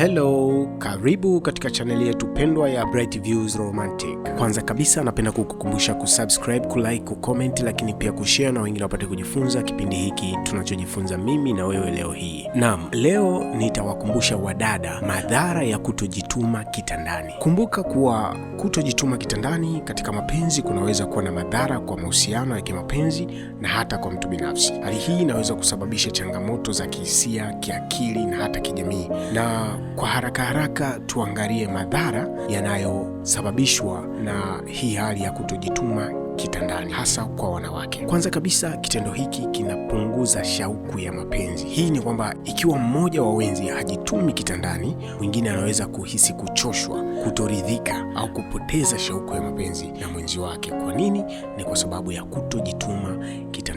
Hello, karibu katika chaneli yetu pendwa ya Bright Views Romantic. Kwanza kabisa napenda kukukumbusha kusubscribe, kulike, kucomment lakini pia kushare na wengine wapate kujifunza kipindi hiki tunachojifunza mimi na wewe leo hii. Naam, leo nitawakumbusha wadada madhara ya kutojituma kitandani. Kumbuka kuwa kutojituma kitandani katika mapenzi kunaweza kuwa na madhara kwa mahusiano ya kimapenzi na hata kwa mtu binafsi. Hali hii inaweza kusababisha changamoto za kihisia, kiakili na hata kijamii na kwa haraka haraka tuangalie madhara yanayosababishwa na hii hali ya kutojituma kitandani hasa kwa wanawake. Kwanza kabisa, kitendo hiki kinapunguza shauku ya mapenzi. Hii ni kwamba ikiwa mmoja wa wenzi hajitumi kitandani, mwingine anaweza kuhisi kuchoshwa, kutoridhika au kupoteza shauku ya mapenzi na mwenzi wake. Kwa nini? Ni kwa sababu ya kutojituma kitandani.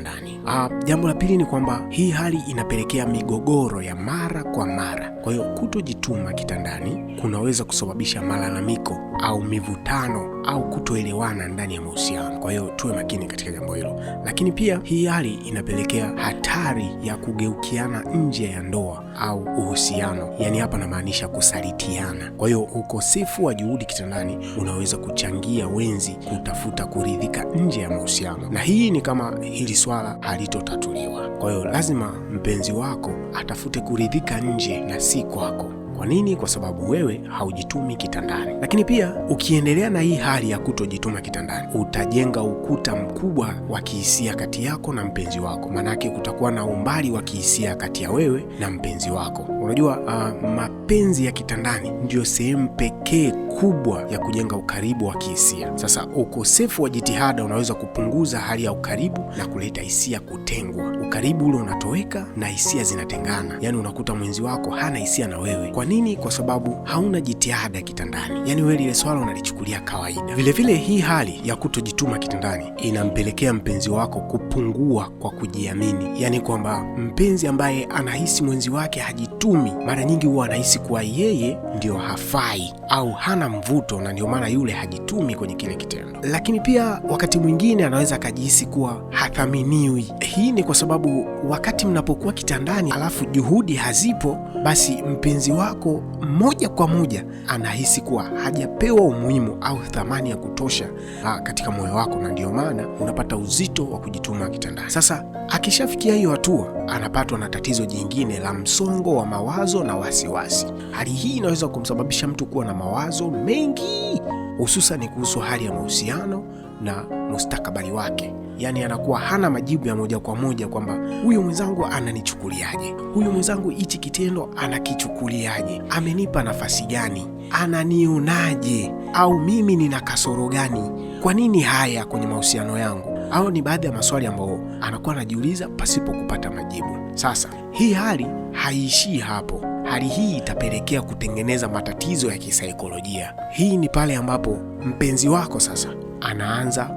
Uh, jambo la pili ni kwamba hii hali inapelekea migogoro ya mara kwa mara. Kwa hiyo kutojituma kitandani kunaweza kusababisha malalamiko au mivutano au kutoelewana ndani ya mahusiano. Kwa hiyo tuwe makini katika jambo hilo, lakini pia hii hali inapelekea hatari ya kugeukiana nje ya ndoa au uhusiano, yaani hapa namaanisha kusalitiana. Kwa hiyo ukosefu wa juhudi kitandani unaweza kuchangia wenzi kutafuta kuridhika nje ya mahusiano, na hii ni kama hili swala halitotatuliwa. Kwa hiyo lazima mpenzi wako atafute kuridhika nje na si kwako. Kwa nini? Kwa sababu wewe haujitumi kitandani. Lakini pia ukiendelea na hii hali ya kutojituma kitandani, utajenga ukuta mkubwa wa kihisia kati yako na mpenzi wako, maanake kutakuwa na umbali wa kihisia kati ya wewe na mpenzi wako. Unajua uh, mapenzi ya kitandani ndiyo sehemu pekee kubwa ya kujenga ukaribu wa kihisia. Sasa ukosefu wa jitihada unaweza kupunguza hali ya ukaribu na kuleta hisia kutengwa karibu ule unatoweka na hisia zinatengana, yaani unakuta mwenzi wako hana hisia na wewe. Kwa nini? Kwa sababu hauna jitihada kitandani, yaani wewe lile swala unalichukulia kawaida. Vilevile hii hali ya kutojituma kitandani inampelekea mpenzi wako kupungua kwa kujiamini, yaani kwamba mpenzi ambaye anahisi mwenzi wake hajitumi, mara nyingi huwa anahisi kuwa yeye ndio hafai au hana mvuto, na ndio maana yule hajitumi kwenye kile kitendo. Lakini pia wakati mwingine anaweza akajihisi kuwa hathaminiwi. Hii ni kwa sababu wakati mnapokuwa kitandani alafu juhudi hazipo, basi mpenzi wako moja kwa moja anahisi kuwa hajapewa umuhimu au thamani ya kutosha ha, ah, katika moyo wako, na ndiyo maana unapata uzito wa kujituma kitandani. Sasa akishafikia hiyo hatua, anapatwa na tatizo jingine la msongo wa mawazo na wasiwasi. Hali hii inaweza kumsababisha mtu kuwa na mawazo mengi, hususan kuhusu hali ya mahusiano na mustakabali wake. Yaani anakuwa hana majibu ya moja kwa moja kwamba huyu mwenzangu ananichukuliaje, huyu mwenzangu hichi kitendo anakichukuliaje, amenipa nafasi gani, ananionaje, au mimi nina kasoro gani? Kwa nini haya kwenye mahusiano yangu? Au ni baadhi ya maswali ambayo anakuwa anajiuliza pasipo kupata majibu. Sasa hii hali haiishii hapo. Hali hii itapelekea kutengeneza matatizo ya kisaikolojia. Hii ni pale ambapo mpenzi wako sasa anaanza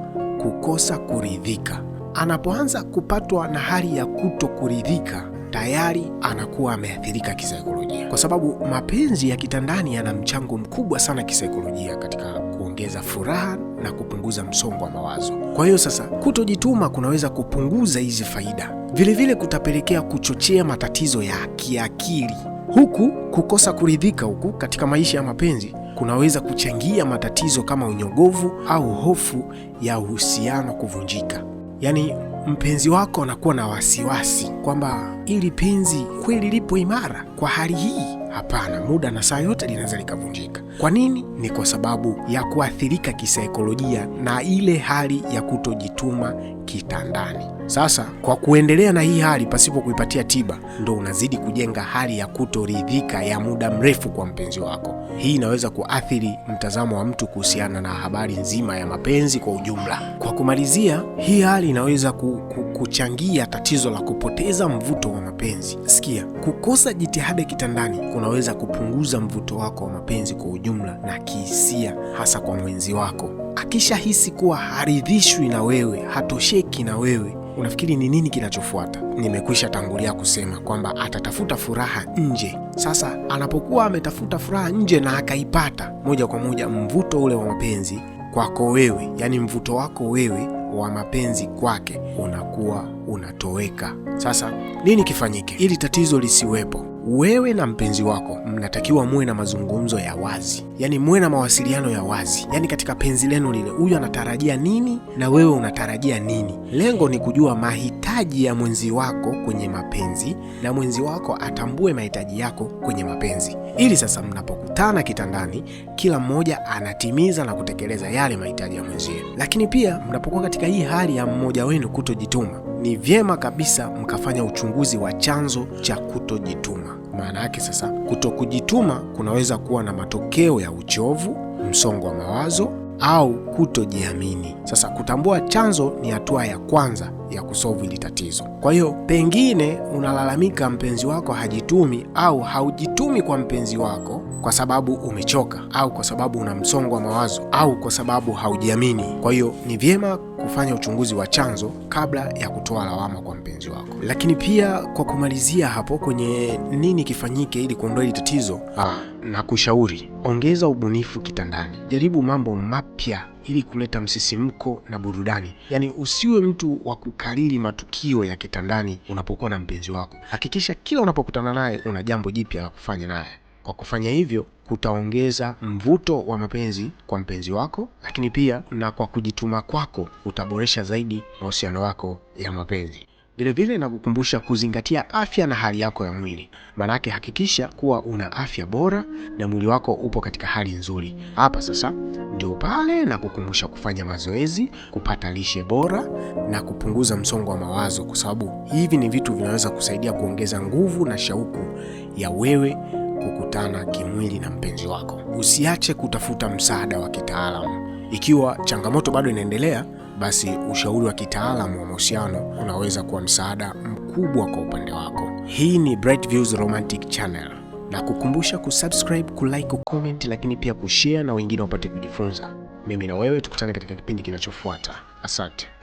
kukosa kuridhika. Anapoanza kupatwa na hali ya kuto kuridhika, tayari anakuwa ameathirika kisaikolojia, kwa sababu mapenzi ya kitandani yana mchango mkubwa sana kisaikolojia katika kuongeza furaha na kupunguza msongo wa mawazo. Kwa hiyo sasa, kutojituma kunaweza kupunguza hizi faida, vilevile kutapelekea kuchochea matatizo ya kiakili, huku kukosa kuridhika huku katika maisha ya mapenzi kunaweza kuchangia matatizo kama unyogovu au hofu ya uhusiano kuvunjika. Yaani, mpenzi wako anakuwa na wasiwasi kwamba ili penzi kweli lipo imara kwa hali hii? Hapana, muda na saa yote linaweza likavunjika. Kwa nini? Ni kwa sababu ya kuathirika kisaikolojia na ile hali ya kutojituma kitandani. Sasa kwa kuendelea na hii hali pasipo kuipatia tiba, ndo unazidi kujenga hali ya kutoridhika ya muda mrefu kwa mpenzi wako. Hii inaweza kuathiri mtazamo wa mtu kuhusiana na habari nzima ya mapenzi kwa ujumla. Kwa kumalizia, hii hali inaweza ku, ku, kuchangia tatizo la kupoteza mvuto wa mapenzi. Sikia, kukosa jitihada kitandani kunaweza kupunguza mvuto wako wa mapenzi kwa ujumla na kihisia, hasa kwa mwenzi wako akishahisi kuwa haridhishwi na wewe, hatosheki na wewe, unafikiri ni nini kinachofuata? Nimekwisha tangulia kusema kwamba atatafuta furaha nje. Sasa anapokuwa ametafuta furaha nje na akaipata, moja kwa moja mvuto ule wa mapenzi kwako wewe, yani mvuto wako wewe wa mapenzi kwake unakuwa unatoweka. Sasa nini kifanyike ili tatizo lisiwepo? wewe na mpenzi wako mnatakiwa muwe na mazungumzo ya wazi, yaani muwe na mawasiliano ya wazi, yaani katika penzi lenu lile, huyu anatarajia nini na wewe unatarajia nini. Lengo ni kujua mahitaji ya mwenzi wako kwenye mapenzi na mwenzi wako atambue mahitaji yako kwenye mapenzi, ili sasa mnapokutana kitandani, kila mmoja anatimiza na kutekeleza yale mahitaji ya mwenzie. Lakini pia mnapokuwa katika hii hali ya mmoja wenu kutojituma ni vyema kabisa mkafanya uchunguzi wa chanzo cha kutojituma. Maana yake sasa, kutokujituma kunaweza kuwa na matokeo ya uchovu, msongo wa mawazo au kutojiamini. Sasa kutambua chanzo ni hatua ya kwanza ya kusolve hili tatizo. Kwa hiyo, pengine unalalamika mpenzi wako hajitumi au haujitumi kwa mpenzi wako kwa sababu umechoka au kwa sababu una msongo wa mawazo au kwa sababu haujiamini. Kwa hiyo ni vyema kufanya uchunguzi wa chanzo kabla ya kutoa lawama kwa mpenzi wako. Lakini pia kwa kumalizia hapo kwenye nini kifanyike ili kuondoa hili tatizo, ah, na kushauri ongeza ubunifu kitandani, jaribu mambo mapya ili kuleta msisimko na burudani. Yaani, usiwe mtu wa kukariri matukio ya kitandani unapokuwa na mpenzi wako. Hakikisha kila unapokutana naye una jambo jipya la kufanya naye. Kwa kufanya hivyo, kutaongeza mvuto wa mapenzi kwa mpenzi wako, lakini pia na kwa kujituma kwako utaboresha zaidi mahusiano wako ya mapenzi. Vilevile nakukumbusha kuzingatia afya na hali yako ya mwili, maanake hakikisha kuwa una afya bora na mwili wako upo katika hali nzuri. Hapa sasa ndio pale na kukumbusha kufanya mazoezi, kupata lishe bora na kupunguza msongo wa mawazo, kwa sababu hivi ni vitu vinaweza kusaidia kuongeza nguvu na shauku ya wewe kukutana kimwili na mpenzi wako. Usiache kutafuta msaada wa kitaalamu. Ikiwa changamoto bado inaendelea, basi ushauri wa kitaalamu wa mahusiano unaweza kuwa msaada mkubwa kwa upande wako. Hii ni Bright Views Romantic Channel, na kukumbusha kusubscribe, kulike, kucomment, lakini pia kushare na wengine wapate kujifunza. Mimi na wewe tukutane katika kipindi kinachofuata. Asante.